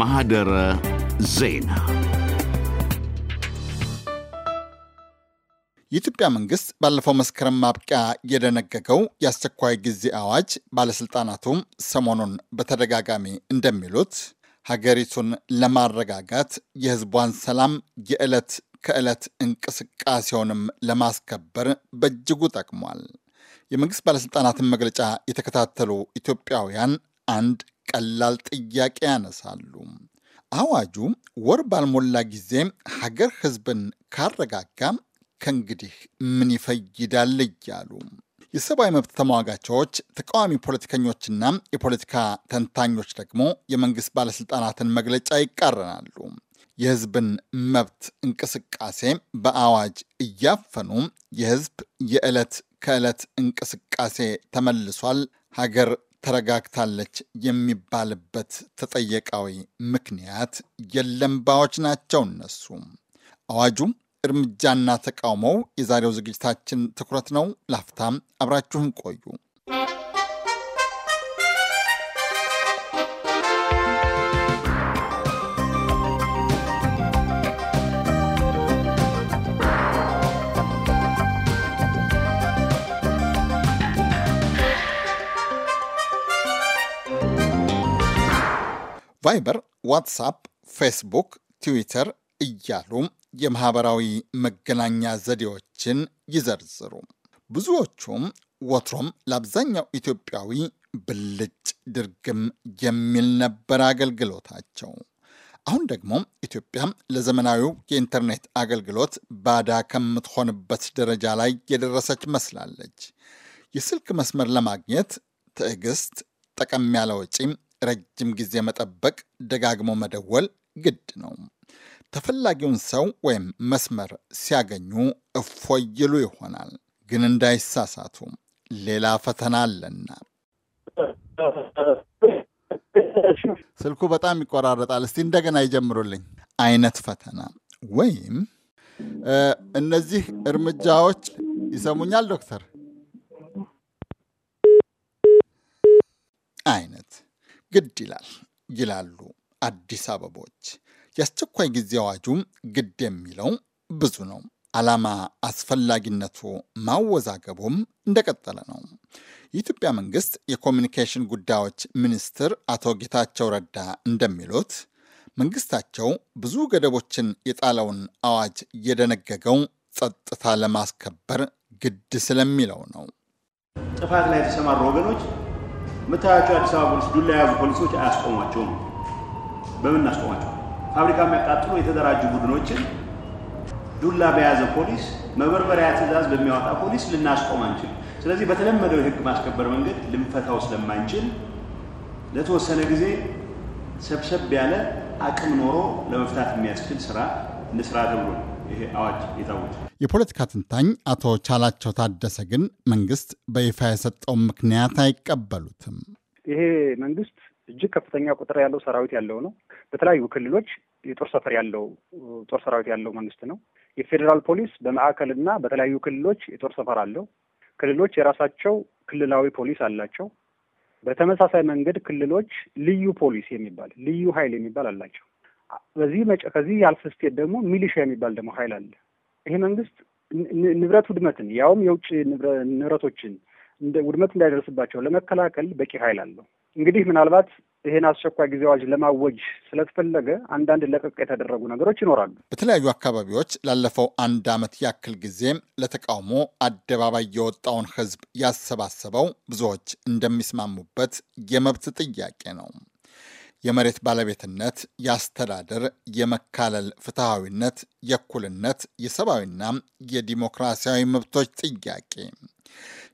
ማህደረ ዜና። የኢትዮጵያ መንግስት ባለፈው መስከረም ማብቂያ የደነገገው የአስቸኳይ ጊዜ አዋጅ ባለሥልጣናቱም ሰሞኑን በተደጋጋሚ እንደሚሉት ሀገሪቱን ለማረጋጋት የህዝቧን ሰላም የዕለት ከዕለት እንቅስቃሴውንም ለማስከበር በእጅጉ ጠቅሟል። የመንግሥት ባለሥልጣናትን መግለጫ የተከታተሉ ኢትዮጵያውያን አንድ ቀላል ጥያቄ ያነሳሉ። አዋጁ ወር ባልሞላ ጊዜ ሀገር ህዝብን ካረጋጋ ከእንግዲህ ምን ይፈይዳል እያሉ የሰብአዊ መብት ተሟጋቾች፣ ተቃዋሚ ፖለቲከኞችና የፖለቲካ ተንታኞች ደግሞ የመንግስት ባለስልጣናትን መግለጫ ይቃረናሉ። የህዝብን መብት እንቅስቃሴ በአዋጅ እያፈኑ የህዝብ የዕለት ከዕለት እንቅስቃሴ ተመልሷል፣ ሀገር ተረጋግታለች የሚባልበት ተጠየቃዊ ምክንያት የለም ናቸው እነሱ። አዋጁ እርምጃና ተቃውሞው የዛሬው ዝግጅታችን ትኩረት ነው። ላፍታም አብራችሁን ቆዩ። ቫይበር፣ ዋትሳፕ፣ ፌስቡክ፣ ትዊተር እያሉ የማህበራዊ መገናኛ ዘዴዎችን ይዘርዝሩ። ብዙዎቹም ወትሮም ለአብዛኛው ኢትዮጵያዊ ብልጭ ድርግም የሚል ነበር አገልግሎታቸው። አሁን ደግሞ ኢትዮጵያ ለዘመናዊው የኢንተርኔት አገልግሎት ባዳ ከምትሆንበት ደረጃ ላይ የደረሰች መስላለች። የስልክ መስመር ለማግኘት ትዕግስት፣ ጠቀም ያለ ወጪ ረጅም ጊዜ መጠበቅ፣ ደጋግሞ መደወል ግድ ነው። ተፈላጊውን ሰው ወይም መስመር ሲያገኙ እፎይሉ ይሆናል። ግን እንዳይሳሳቱ፣ ሌላ ፈተና አለና። ስልኩ በጣም ይቆራረጣል። እስቲ እንደገና ይጀምሩልኝ። አይነት ፈተና ወይም እነዚህ እርምጃዎች ይሰሙኛል ዶክተር አይነት ግድ ይላል ይላሉ አዲስ አበቦች። የአስቸኳይ ጊዜ አዋጁም ግድ የሚለው ብዙ ነው። ዓላማ አስፈላጊነቱ ማወዛገቡም እንደቀጠለ ነው። የኢትዮጵያ መንግስት የኮሚኒኬሽን ጉዳዮች ሚኒስትር አቶ ጌታቸው ረዳ እንደሚሉት መንግስታቸው ብዙ ገደቦችን የጣለውን አዋጅ የደነገገው ጸጥታ ለማስከበር ግድ ስለሚለው ነው። ጥፋት ላይ የተሰማሩ ወገኖች የምታያቸው አዲስ አበባ ፖሊስ ዱላ የያዙ ፖሊሶች አያስቆሟቸውም። በምን እናስቆማቸው? ፋብሪካ የሚያቃጥሉ የተደራጁ ቡድኖችን ዱላ በያዘ ፖሊስ፣ መበርበሪያ ትእዛዝ በሚያወጣ ፖሊስ ልናስቆም አንችል። ስለዚህ በተለመደው የህግ ማስከበር መንገድ ልንፈታው ስለማንችል ለተወሰነ ጊዜ ሰብሰብ ያለ አቅም ኖሮ ለመፍታት የሚያስችል ስራ እንስራ ተብሎ ነው። ይሄ አዋጅ የታወጀው። የፖለቲካ ትንታኝ አቶ ቻላቸው ታደሰ ግን መንግስት በይፋ የሰጠውን ምክንያት አይቀበሉትም። ይሄ መንግስት እጅግ ከፍተኛ ቁጥር ያለው ሰራዊት ያለው ነው። በተለያዩ ክልሎች የጦር ሰፈር ያለው ጦር ሰራዊት ያለው መንግስት ነው። የፌዴራል ፖሊስ በማዕከልና በተለያዩ ክልሎች የጦር ሰፈር አለው። ክልሎች የራሳቸው ክልላዊ ፖሊስ አላቸው። በተመሳሳይ መንገድ ክልሎች ልዩ ፖሊስ የሚባል ልዩ ኃይል የሚባል አላቸው። በዚህ መጨ ከዚህ ያልፍ ስቴት ደግሞ ሚሊሻ የሚባል ደግሞ ኃይል አለ። ይሄ መንግስት ንብረት ውድመትን ያውም የውጭ ንብረቶችን ውድመት እንዳይደርስባቸው ለመከላከል በቂ ኃይል አለው። እንግዲህ ምናልባት ይህን አስቸኳይ ጊዜ አዋጅ ለማወጅ ስለተፈለገ አንዳንድ ለቀቅ የተደረጉ ነገሮች ይኖራሉ። በተለያዩ አካባቢዎች ላለፈው አንድ ዓመት ያክል ጊዜ ለተቃውሞ አደባባይ የወጣውን ህዝብ ያሰባሰበው ብዙዎች እንደሚስማሙበት የመብት ጥያቄ ነው። የመሬት ባለቤትነት፣ የአስተዳደር፣ የመካለል ፍትሐዊነት፣ የእኩልነት፣ የሰብአዊና የዲሞክራሲያዊ መብቶች ጥያቄ።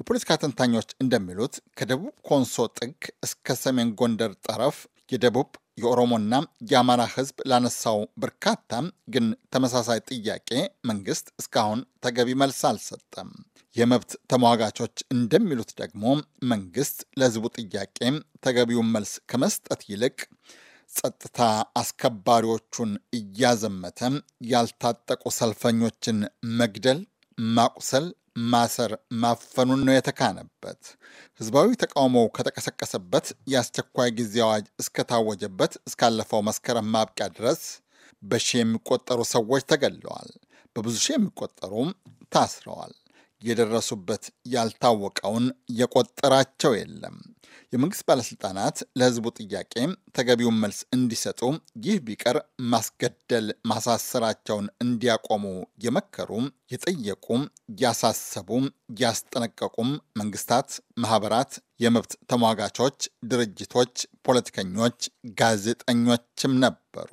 የፖለቲካ ተንታኞች እንደሚሉት ከደቡብ ኮንሶ ጥግ እስከ ሰሜን ጎንደር ጠረፍ የደቡብ የኦሮሞና የአማራ ሕዝብ ላነሳው በርካታ ግን ተመሳሳይ ጥያቄ መንግስት እስካሁን ተገቢ መልስ አልሰጠም። የመብት ተሟጋቾች እንደሚሉት ደግሞ መንግስት ለህዝቡ ጥያቄ ተገቢውን መልስ ከመስጠት ይልቅ ጸጥታ አስከባሪዎቹን እያዘመተ ያልታጠቁ ሰልፈኞችን መግደል፣ ማቁሰል፣ ማሰር፣ ማፈኑን ነው የተካነበት። ህዝባዊ ተቃውሞው ከተቀሰቀሰበት የአስቸኳይ ጊዜ አዋጅ እስከታወጀበት እስካለፈው መስከረም ማብቂያ ድረስ በሺ የሚቆጠሩ ሰዎች ተገለዋል። በብዙ ሺህ የሚቆጠሩም ታስረዋል። የደረሱበት ያልታወቀውን የቆጠራቸው የለም። የመንግስት ባለስልጣናት ለህዝቡ ጥያቄ ተገቢውን መልስ እንዲሰጡ ይህ ቢቀር ማስገደል ማሳሰራቸውን እንዲያቆሙ የመከሩ፣ የጠየቁ፣ ያሳሰቡ፣ ያስጠነቀቁም መንግስታት፣ ማህበራት፣ የመብት ተሟጋቾች ድርጅቶች፣ ፖለቲከኞች፣ ጋዜጠኞችም ነበሩ።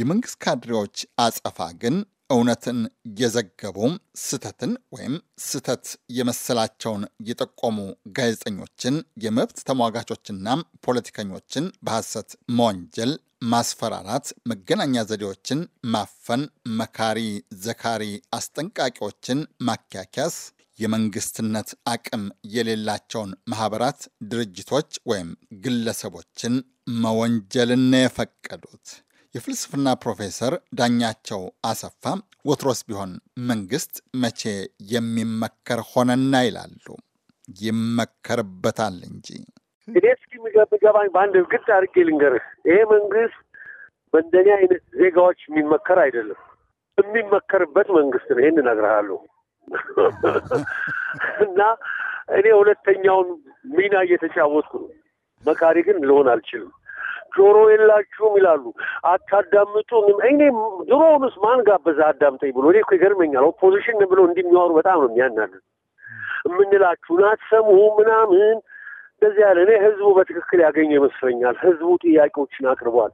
የመንግስት ካድሬዎች አጸፋ ግን እውነትን የዘገቡ ስህተትን ወይም ስህተት የመሰላቸውን የጠቆሙ ጋዜጠኞችን፣ የመብት ተሟጋቾችና ፖለቲከኞችን በሐሰት መወንጀል፣ ማስፈራራት፣ መገናኛ ዘዴዎችን ማፈን፣ መካሪ ዘካሪ አስጠንቃቂዎችን ማኪያኪያስ የመንግስትነት አቅም የሌላቸውን ማኅበራት፣ ድርጅቶች ወይም ግለሰቦችን መወንጀልና የፈቀዱት የፍልስፍና ፕሮፌሰር ዳኛቸው አሰፋ ወትሮስ ቢሆን መንግስት መቼ የሚመከር ሆነና ይላሉ። ይመከርበታል እንጂ እኔ እስኪ የሚገባኝ በአንድ ግልጽ አድርጌ ልንገርህ፣ ይሄ መንግስት በእንደኔ አይነት ዜጋዎች የሚመከር አይደለም። የሚመከርበት መንግስት ነው። ይህን እነግርሃለሁ። እና እኔ ሁለተኛውን ሚና እየተጫወትኩ ነው። መካሪ ግን ልሆን አልችልም። ጆሮ የላችሁም ይላሉ። አታዳምጡም። እኔ ድሮውንስ ማን ጋበዛ አዳምጠኝ ብሎ እኔ እኮ ይገርመኛል። ኦፖዚሽን ብሎ እንዲህ የሚያወሩ በጣም ነው የሚያናድድ። የምንላችሁን አትሰሙም ምናምን እንደዚህ ያለ እኔ ህዝቡ በትክክል ያገኘ ይመስለኛል። ህዝቡ ጥያቄዎችን አቅርቧል።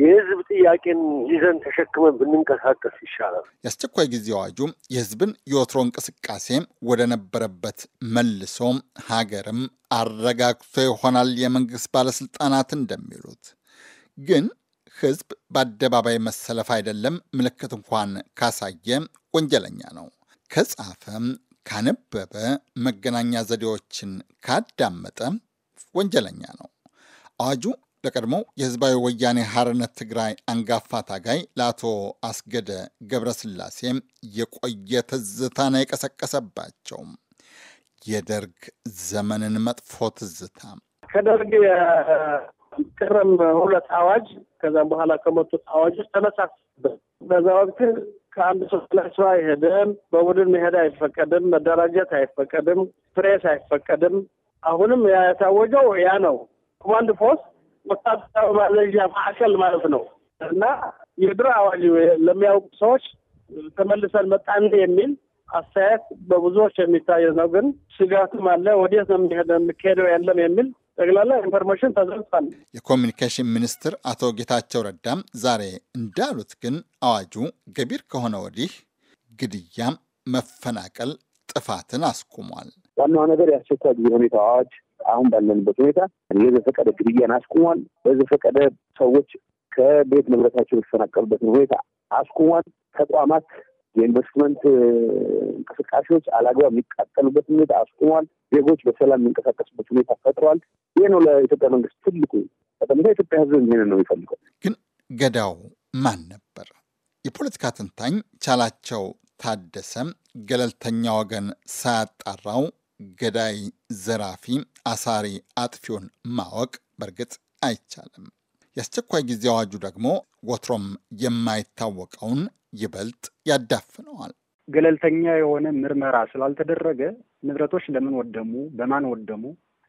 የህዝብ ጥያቄን ይዘን ተሸክመን ብንንቀሳቀስ ይሻላል። የአስቸኳይ ጊዜ አዋጁ የህዝብን የወትሮ እንቅስቃሴ ወደ ነበረበት መልሶ ሀገርም አረጋግቶ ይሆናል የመንግስት ባለስልጣናት እንደሚሉት። ግን ህዝብ በአደባባይ መሰለፍ አይደለም ምልክት እንኳን ካሳየ ወንጀለኛ ነው። ከጻፈ፣ ካነበበ፣ መገናኛ ዘዴዎችን ካዳመጠ ወንጀለኛ ነው። አዋጁ ለቀድሞው የህዝባዊ ወያኔ ሐርነት ትግራይ አንጋፋ ታጋይ ለአቶ አስገደ ገብረስላሴም የቆየ ትዝታን የቀሰቀሰባቸው የደርግ ዘመንን መጥፎ ትዝታ ከደርግ የቅርም ሁለት አዋጅ ከዛም በኋላ ከመጡት አዋጆች ተመሳሰበት። በዛ ወቅት ከአንድ ሰው ላይ ሰው አይሄድም፣ በቡድን መሄድ አይፈቀድም፣ መደራጀት አይፈቀድም፣ ፕሬስ አይፈቀድም። አሁንም የታወጀው ያ ነው ኮማንድ ፖስት ወታደራዊ ማዘዣ ማዕከል ማለት ነው እና የድር አዋጅ ለሚያውቁ ሰዎች ተመልሰን መጣን የሚል አስተያየት በብዙዎች የሚታይ ነው። ግን ስጋቱም አለ። ወዴት ነው የሚካሄደው ያለም የሚል ጠቅላላ ኢንፎርሜሽን ተዘርፏል። የኮሚኒኬሽን ሚኒስትር አቶ ጌታቸው ረዳም ዛሬ እንዳሉት ግን አዋጁ ገቢር ከሆነ ወዲህ ግድያም፣ መፈናቀል ጥፋትን አስቁሟል። ዋናው ነገር የአስቸኳይ ጊዜ ሁኔታ አዋጅ አሁን ባለንበት ሁኔታ የዘፈቀደ ግድያን አስቁሟል። በዘፈቀደ ሰዎች ከቤት ንብረታቸው የተፈናቀሉበትን ሁኔታ አስቁሟል። ተቋማት የኢንቨስትመንት እንቅስቃሴዎች አላግባብ የሚቃጠሉበት ሁኔታ አስቁሟል። ዜጎች በሰላም የሚንቀሳቀሱበት ሁኔታ ፈጥሯል። ይህ ነው ለኢትዮጵያ መንግስት ትልቁ ጠቀሜታ። ኢትዮጵያ ሕዝብ ይህንን ነው የሚፈልገው። ግን ገዳው ማን ነበር? የፖለቲካ ተንታኝ ቻላቸው ታደሰም ገለልተኛ ወገን ሳያጣራው ገዳይ፣ ዘራፊ፣ አሳሪ አጥፊውን ማወቅ በእርግጥ አይቻልም። የአስቸኳይ ጊዜ አዋጁ ደግሞ ወትሮም የማይታወቀውን ይበልጥ ያዳፍነዋል። ገለልተኛ የሆነ ምርመራ ስላልተደረገ ንብረቶች ለምን ወደሙ፣ በማን ወደሙ፣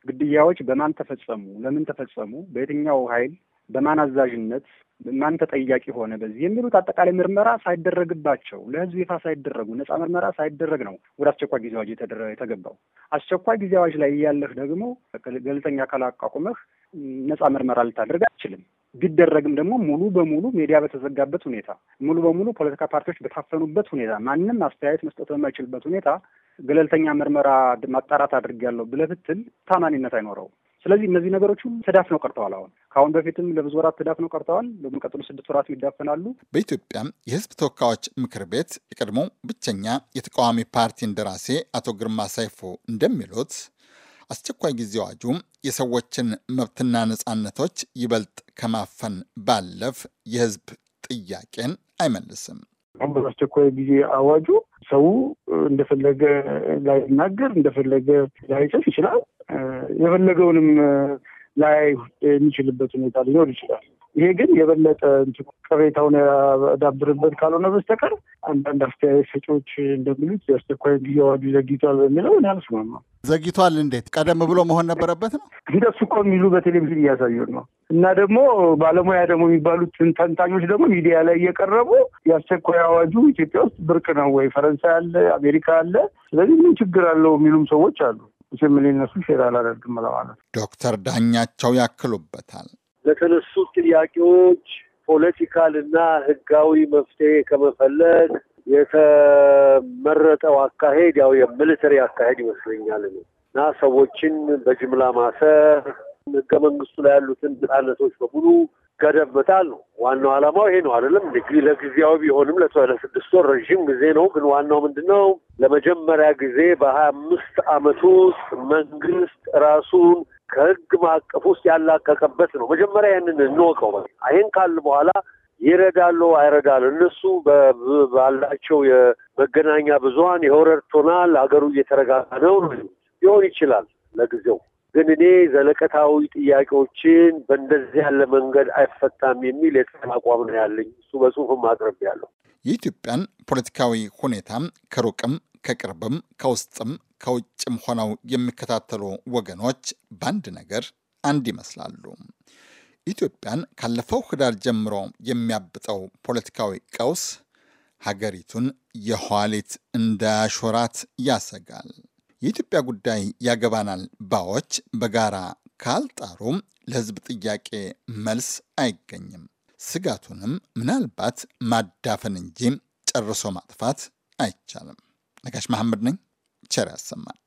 ግድያዎች በማን ተፈጸሙ፣ ለምን ተፈጸሙ፣ በየትኛው ኃይል፣ በማን አዛዥነት፣ ማን ተጠያቂ ሆነ በዚህ የሚሉት አጠቃላይ ምርመራ ሳይደረግባቸው ለህዝብ ይፋ ሳይደረጉ ነፃ ምርመራ ሳይደረግ ነው ወደ አስቸኳይ ጊዜ አዋጅ የተገባው። አስቸኳይ ጊዜ አዋጅ ላይ እያለህ ደግሞ ገለልተኛ አካል አቋቁመህ ነፃ ምርመራ ልታደርግ አይችልም። ቢደረግም ደግሞ ሙሉ በሙሉ ሚዲያ በተዘጋበት ሁኔታ፣ ሙሉ በሙሉ ፖለቲካ ፓርቲዎች በታፈኑበት ሁኔታ፣ ማንም አስተያየት መስጠት በማይችልበት ሁኔታ ገለልተኛ ምርመራ ማጣራት አድርጌያለሁ ብለህ ብትል ታማኒነት አይኖረውም። ስለዚህ እነዚህ ነገሮች ሁሉ ተዳፍነው ቀርተዋል። አሁን ከአሁን በፊትም ለብዙ ወራት ተዳፍነው ቀርተዋል። ለሚቀጥሉ ስድስት ወራት ይዳፈናሉ። በኢትዮጵያ የህዝብ ተወካዮች ምክር ቤት የቀድሞ ብቸኛ የተቃዋሚ ፓርቲ እንደራሴ አቶ ግርማ ሳይፎ እንደሚሉት አስቸኳይ ጊዜ አዋጁ የሰዎችን መብትና ነፃነቶች ይበልጥ ከማፈን ባለፍ የህዝብ ጥያቄን አይመልስም። አሁን በአስቸኳይ ጊዜ አዋጁ ሰው እንደፈለገ ላይናገር እንደፈለገ ላይጽፍ ይችላል። የፈለገውንም ላይ የሚችልበት ሁኔታ ሊኖር ይችላል። ይሄ ግን የበለጠ ቅሬታውን ያዳብርበት ካልሆነ በስተቀር አንዳንድ አስተያየት ሰጪዎች እንደሚሉት የአስቸኳይ ጊዜ አዋጁ ዘግይቷል በሚለው እኔ አልስማማም። ዘግይቷል? እንዴት ቀደም ብሎ መሆን ነበረበት ነው። እንደሱ እኮ የሚሉ በቴሌቪዥን እያሳዩን ነው። እና ደግሞ ባለሙያ ደግሞ የሚባሉት ተንታኞች ደግሞ ሚዲያ ላይ እየቀረቡ የአስቸኳይ አዋጁ ኢትዮጵያ ውስጥ ብርቅ ነው ወይ ፈረንሳይ አለ፣ አሜሪካ አለ፣ ስለዚህ ምን ችግር አለው የሚሉም ሰዎች አሉ። ምን እነሱ ሴራ አላደርግም ለማለት ዶክተር ዳኛቸው ያክሉበታል። ለተነሱት ጥያቄዎች ፖለቲካል እና ህጋዊ መፍትሄ ከመፈለግ የተመረጠው አካሄድ ያው የሚሊተሪ አካሄድ ይመስለኛል ነው እና ሰዎችን በጅምላ ማሰር፣ ህገ መንግስቱ ላይ ያሉትን ነጻነቶች በሙሉ ገደብ መጣል ነው። ዋናው ዓላማው ይሄ ነው አይደለም። ዲግሪ ለጊዜያዊ ቢሆንም ለስድስት ወር ረዥም ጊዜ ነው። ግን ዋናው ምንድን ነው? ለመጀመሪያ ጊዜ በሀያ አምስት አመት ውስጥ መንግስት ራሱን ከህግ ማዕቀፍ ውስጥ ያላቀቀበት ነው። መጀመሪያ ያንን እንወቀው። ይህን ካል በኋላ ይረዳሉ አይረዳል እነሱ ባላቸው የመገናኛ ብዙኃን የወረድቶናል ሀገሩ እየተረጋጋ ነው ሊሆን ይችላል ለጊዜው ግን እኔ ዘለቀታዊ ጥያቄዎችን በእንደዚህ ያለ መንገድ አይፈታም የሚል የጽን አቋም ነው ያለኝ። እሱ በጽሁፍም አቅርቤያለሁ። የኢትዮጵያን ፖለቲካዊ ሁኔታ ከሩቅም ከቅርብም ከውስጥም ከውጭም ሆነው የሚከታተሉ ወገኖች በአንድ ነገር አንድ ይመስላሉ። ኢትዮጵያን ካለፈው ህዳር ጀምሮ የሚያብጠው ፖለቲካዊ ቀውስ ሀገሪቱን የኋሊት እንዳያሾራት ያሰጋል። የኢትዮጵያ ጉዳይ ያገባናል ባዎች በጋራ ካልጣሩ ለህዝብ ጥያቄ መልስ አይገኝም። ስጋቱንም ምናልባት ማዳፈን እንጂ ጨርሶ ማጥፋት አይቻልም። ነጋሽ መሐመድ ነኝ። ቸር ያሰማል።